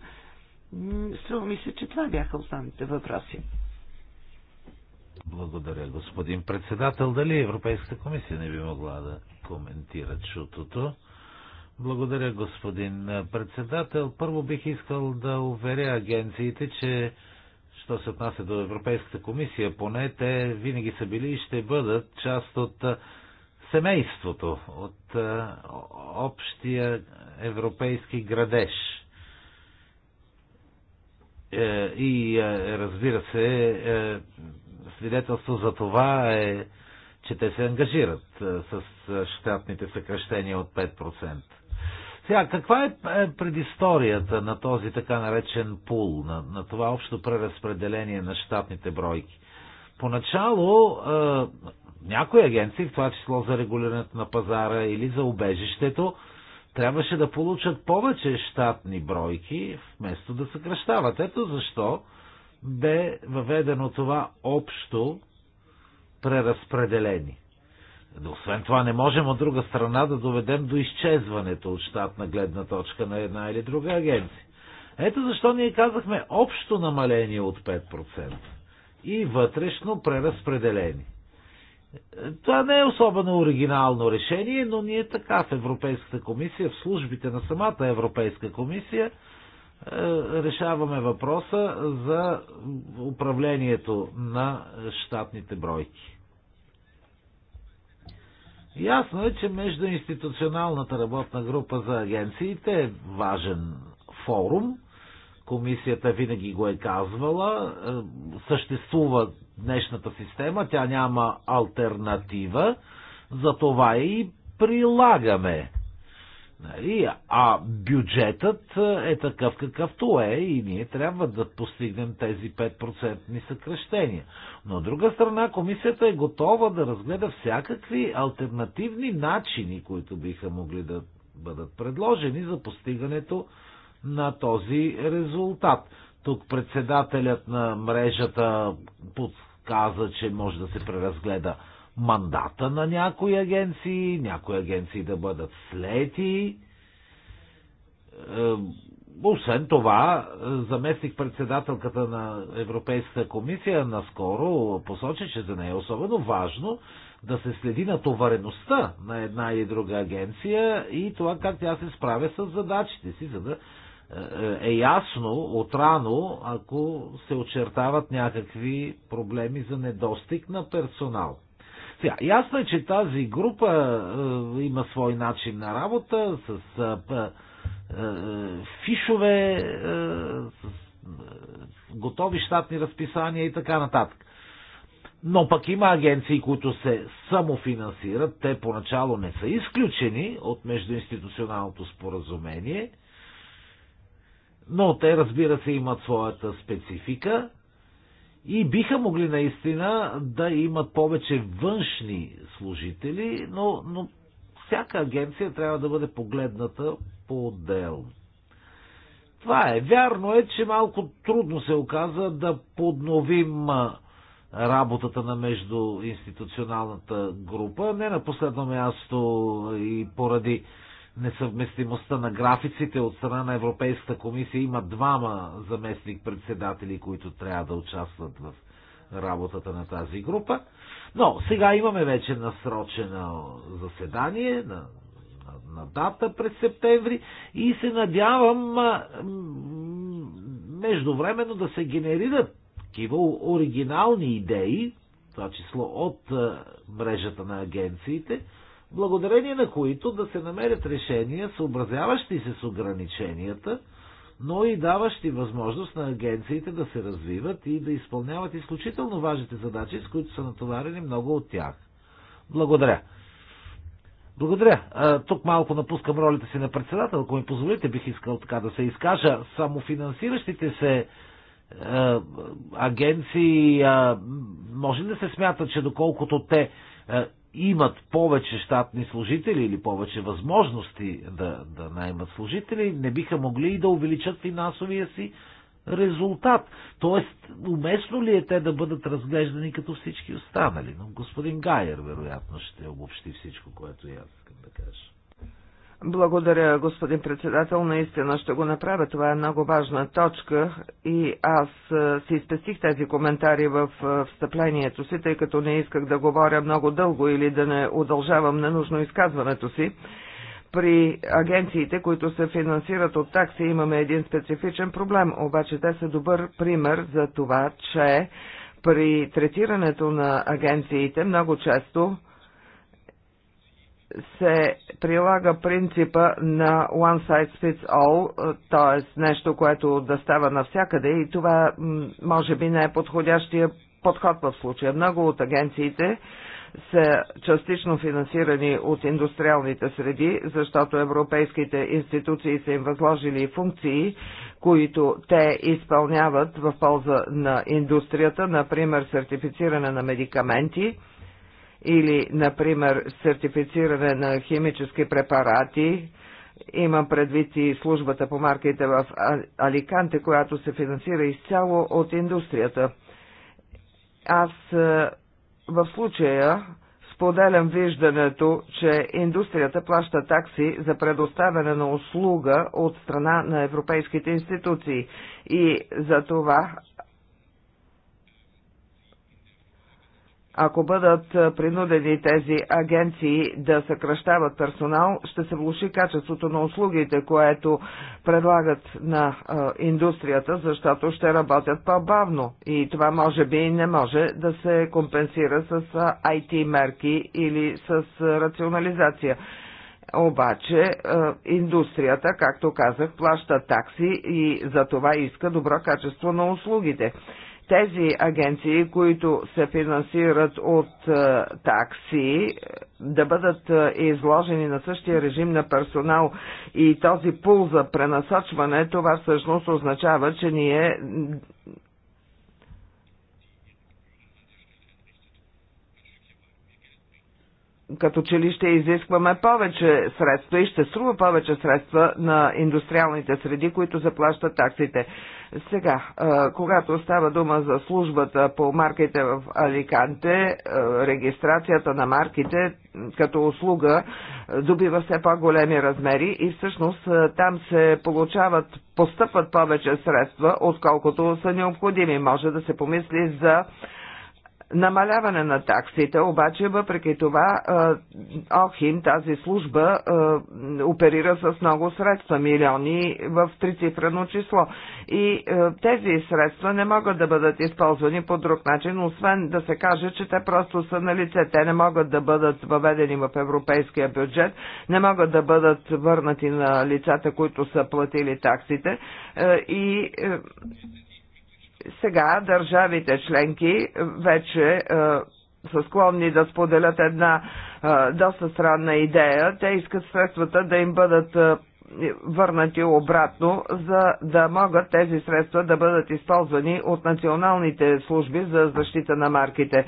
Струва ми се, че това бяха основните въпроси. Благодаря, господин председател. Дали Европейската комисия не би могла да коментира чутото? Благодаря, господин председател. Първо бих искал да уверя агенциите, че що се отнася до Европейската комисия, поне те винаги са били и ще бъдат част от семейството, от общия европейски градеж. Е, и разбира се, е, Свидетелство за това е, че те се ангажират е, с е, щатните съкръщения от 5%. Сега, каква е, е предисторията на този така наречен пул, на, на това общо преразпределение на щатните бройки? Поначало е, някои агенции, в това число за регулирането на пазара или за убежището, трябваше да получат повече щатни бройки, вместо да съкръщават. Ето защо бе въведено това общо преразпределение. Освен това, не можем от друга страна да доведем до изчезването от щатна гледна точка на една или друга агенция. Ето защо ние казахме общо намаление от 5% и вътрешно преразпределение. Това не е особено оригинално решение, но ние така в Европейската комисия, в службите на самата Европейска комисия, е, решаваме въпроса за управлението на щатните бройки. Ясно е, че между институционалната работна група за агенциите е важен форум. Комисията винаги го е казвала. Е, съществува днешната система, тя няма альтернатива. Затова и прилагаме Нали? А бюджетът е, е такъв какъвто е и ние трябва да постигнем тези 5% съкръщения. Но от друга страна, комисията е готова да разгледа всякакви альтернативни начини, които биха могли да бъдат предложени за постигането на този резултат. Тук председателят на мрежата подсказа, че може да се преразгледа мандата на някои агенции, някои агенции да бъдат слети. Е, освен това, заместник председателката на Европейската комисия наскоро посочи, че за нея е особено важно да се следи натовареността на една или друга агенция и това как тя се справя с задачите си, за да е, е ясно отрано, ако се очертават някакви проблеми за недостиг на персонал. Сега, ясно е, че тази група е, има свой начин на работа с е, е, е, фишове, е, с е, готови щатни разписания и така нататък. Но пък има агенции, които се самофинансират. Те поначало не са изключени от междуинституционалното споразумение, но те, разбира се, имат своята специфика и биха могли наистина да имат повече външни служители, но, но всяка агенция трябва да бъде погледната по-отделно. Това е. Вярно е, че малко трудно се оказа да подновим работата на междуинституционалната група. Не на последно място и поради несъвместимостта на графиците от страна на Европейската комисия. Има двама заместник-председатели, които трябва да участват в работата на тази група. Но сега имаме вече насрочено заседание на, на дата през септември и се надявам междувременно да се генерират такива оригинални идеи, това число от мрежата на агенциите, благодарение на които да се намерят решения, съобразяващи се с ограниченията, но и даващи възможност на агенциите да се развиват и да изпълняват изключително важните задачи, с които са натоварени много от тях. Благодаря. Благодаря. А, тук малко напускам ролите си на председател. Ако ми позволите, бих искал така да се изкажа. Само финансиращите се а, е, агенции а, може ли да се смята, че доколкото те а, е, имат повече щатни служители или повече възможности да, да наймат служители, не биха могли и да увеличат финансовия си резултат. Тоест, уместно ли е те да бъдат разглеждани като всички останали? Но господин Гайер, вероятно, ще обобщи всичко, което и аз искам да кажа. Благодаря, господин председател. Наистина ще го направя. Това е много важна точка и аз си изпестих тези коментари в встъплението си, тъй като не исках да говоря много дълго или да не удължавам ненужно изказването си. При агенциите, които се финансират от такси, имаме един специфичен проблем, обаче те са добър пример за това, че при третирането на агенциите много често се прилага принципа на one size fits all, т.е. нещо, което да става навсякъде и това може би не е подходящия подход в случая. Много от агенциите са частично финансирани от индустриалните среди, защото европейските институции са им възложили функции, които те изпълняват в полза на индустрията, например сертифициране на медикаменти – или, например, сертифициране на химически препарати, Имам предвид и службата по марките в Аликанте, която се финансира изцяло от индустрията. Аз е, в случая споделям виждането, че индустрията плаща такси за предоставяне на услуга от страна на европейските институции и за това Ако бъдат принудени тези агенции да съкръщават персонал, ще се влуши качеството на услугите, което предлагат на индустрията, защото ще работят по-бавно. И това може би не може да се компенсира с IT мерки или с рационализация. Обаче индустрията, както казах, плаща такси и за това иска добро качество на услугите тези агенции, които се финансират от е, такси, е, да бъдат е, изложени на същия режим на персонал и този пул за пренасочване, това всъщност означава, че ние като че ли ще изискваме повече средства и ще струва повече средства на индустриалните среди, които заплащат таксите. Сега, когато става дума за службата по марките в Аликанте, регистрацията на марките като услуга добива все по-големи размери и всъщност там се получават, постъпват повече средства, отколкото са необходими. Може да се помисли за намаляване на таксите, обаче въпреки това ОХИМ, тази служба, оперира с много средства, милиони в трицифрено число. И тези средства не могат да бъдат използвани по друг начин, освен да се каже, че те просто са на лице. Те не могат да бъдат въведени в европейския бюджет, не могат да бъдат върнати на лицата, които са платили таксите. И сега държавите членки вече е, са склонни да споделят една е, доста странна идея. Те искат средствата да им бъдат е, върнати обратно, за да могат тези средства да бъдат използвани от националните служби за защита на марките.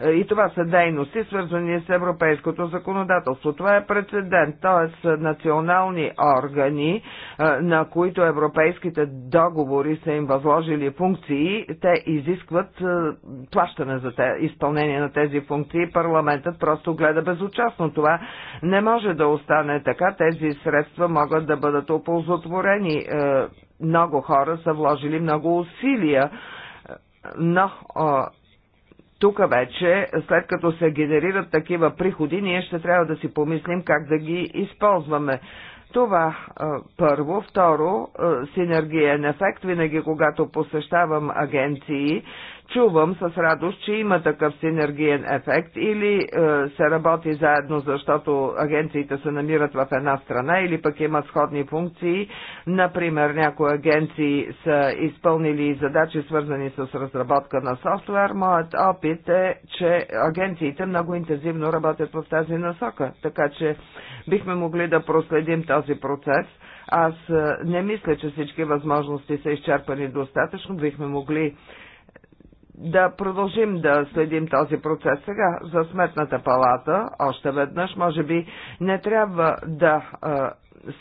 Е, и това са дейности, свързани с европейското законодателство. Това е прецедент, т.е. национални органи, е, на които европейските договори са им възложили функции, те изискват е, плащане за те, изпълнение на тези функции. Парламентът просто гледа безучастно. Това не може да остане така. Тези средства могат да бъдат оползотворени. Много хора са вложили много усилия, но тук вече, след като се генерират такива приходи, ние ще трябва да си помислим как да ги използваме. Това първо. Второ, синергиен ефект. Винаги, когато посещавам агенции, Чувам с радост, че има такъв синергиен ефект или е, се работи заедно, защото агенциите се намират в една страна или пък имат сходни функции. Например, някои агенции са изпълнили задачи свързани с разработка на софтуер. Моят опит е, че агенциите много интензивно работят в тази насока, така че бихме могли да проследим този процес. Аз е, не мисля, че всички възможности са изчерпани достатъчно. Бихме могли да продължим да следим този процес сега за сметната палата. Още веднъж, може би, не трябва да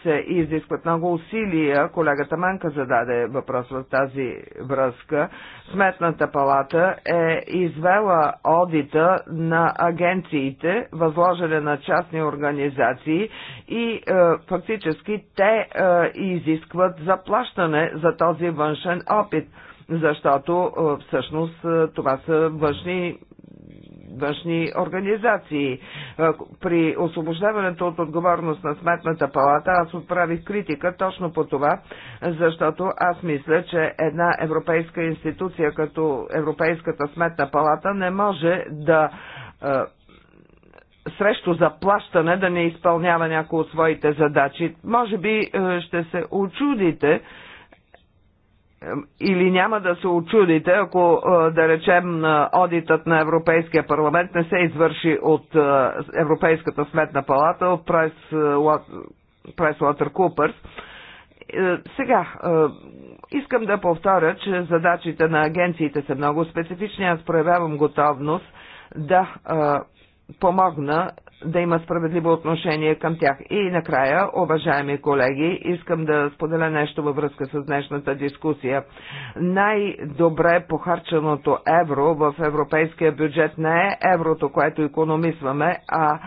се изискват много усилия. Колегата Манка зададе въпрос в тази връзка. Сметната палата е извела одита на агенциите, възложене на частни организации и е, фактически те е, изискват заплащане за този външен опит защото е, всъщност е, това са външни външни организации. Е, при освобождаването от отговорност на Сметната палата аз отправих критика точно по това, защото аз мисля, че една европейска институция като Европейската Сметна палата не може да срещу заплащане да не изпълнява някои от своите задачи. Може би ще се очудите, или няма да се очудите, ако е, да речем е, одитът на Европейския парламент не се извърши от е, Европейската сметна палата, от PricewaterCoopers. Сега, искам да повторя, че задачите на агенциите са много специфични. Аз проявявам готовност да помогна да има справедливо отношение към тях. И накрая, уважаеми колеги, искам да споделя нещо във връзка с днешната дискусия. Най-добре похарченото евро в европейския бюджет не е еврото, което економисваме, а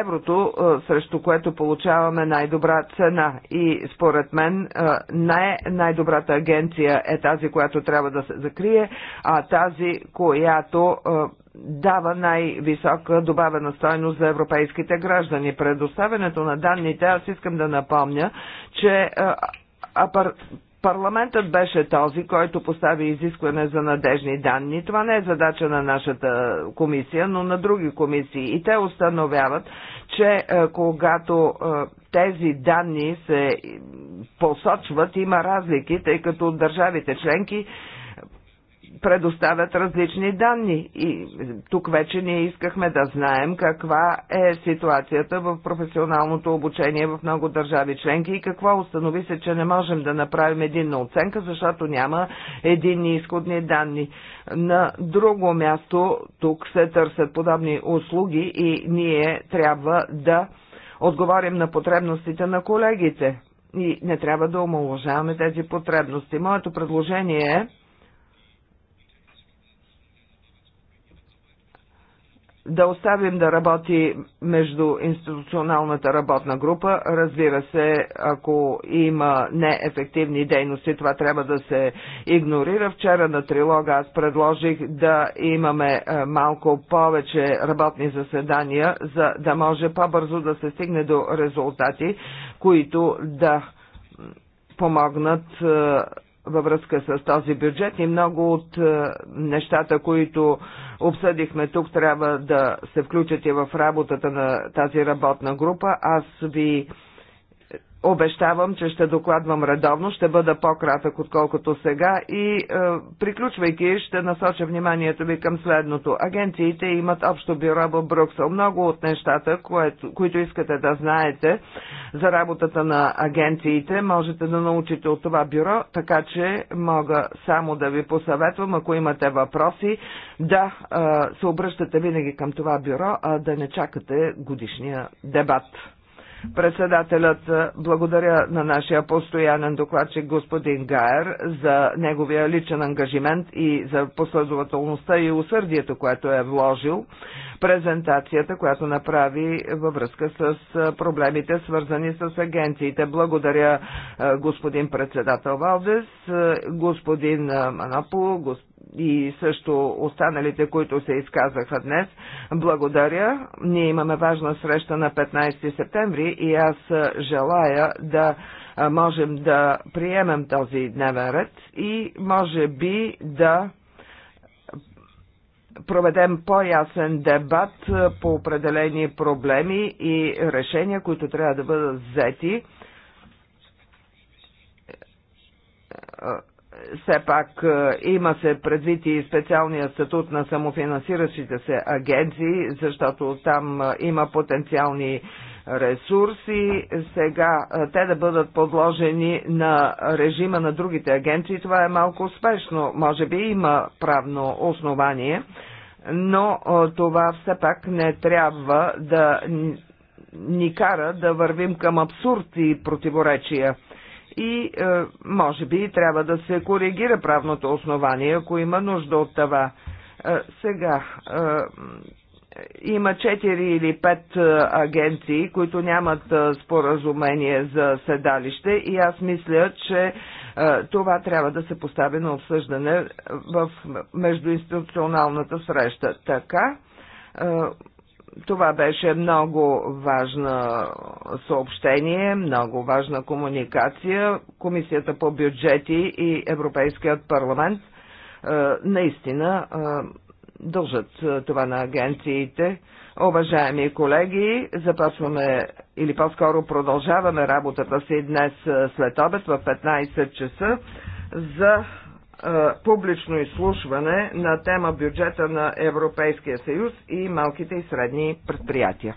еврото, е, срещу което получаваме най-добра цена. И според мен е, не най-добрата агенция е тази, която трябва да се закрие, а тази, която е, дава най-висока добавена стойност за европейските граждани. Предоставянето на данните, аз искам да напомня, че апарт. Парламентът беше този, който постави изискване за надежни данни. Това не е задача на нашата комисия, но на други комисии. И те установяват, че е, когато е, тези данни се посочват, има разлики, тъй като държавите членки предоставят различни данни. И тук вече ние искахме да знаем каква е ситуацията в професионалното обучение в много държави членки и какво установи се, че не можем да направим единна оценка, защото няма единни изходни данни. На друго място тук се търсят подобни услуги и ние трябва да отговорим на потребностите на колегите. И не трябва да омалуважаваме тези потребности. Моето предложение е да оставим да работи между институционалната работна група. Разбира се, ако има неефективни дейности, това трябва да се игнорира. Вчера на трилога аз предложих да имаме е, малко повече работни заседания, за да може по-бързо да се стигне до резултати, които да помогнат е, във връзка с този бюджет и много от е, нещата, които обсъдихме тук, трябва да се включат и в работата на тази работна група. Аз ви Обещавам, че ще докладвам редовно, ще бъда по-кратък отколкото сега и е, приключвайки ще насоча вниманието ви към следното. Агенциите имат общо бюро в Бруксел. Много от нещата, което, които искате да знаете за работата на агенциите, можете да научите от това бюро, така че мога само да ви посъветвам, ако имате въпроси, да е, се обръщате винаги към това бюро, а да не чакате годишния дебат. Председателят благодаря на нашия постоянен докладчик господин Гайер за неговия личен ангажимент и за последователността и усърдието, което е вложил презентацията, която направи във връзка с проблемите, свързани с агенциите. Благодаря господин председател Валдес, господин Манапо, господин и също останалите, които се изказаха днес. Благодаря. Ние имаме важна среща на 15 септември и аз желая да можем да приемем този дневен ред и може би да проведем по-ясен дебат по определени проблеми и решения, които трябва да бъдат взети все пак е, има се предвид и специалния статут на самофинансиращите се агенции, защото там е, има потенциални ресурси, сега е, те да бъдат подложени на режима на другите агенции, това е малко успешно. Може би има правно основание, но това все пак не трябва да ни кара да вървим към абсурд и противоречия и е, може би трябва да се коригира правното основание, ако има нужда от това. Е, сега, е, има 4 или 5 е, агенции, които нямат е, споразумение за седалище и аз мисля, че е, това трябва да се постави на обсъждане в междуинституционалната среща. Така, това беше много важно съобщение, много важна комуникация. Комисията по бюджети и Европейският парламент е, наистина е, дължат е, това на агенциите. Уважаеми колеги, започваме или по-скоро продължаваме работата си днес след обед в 15 часа за е, публично изслушване на тема бюджета на Европейския съюз и малките и средни предприятия.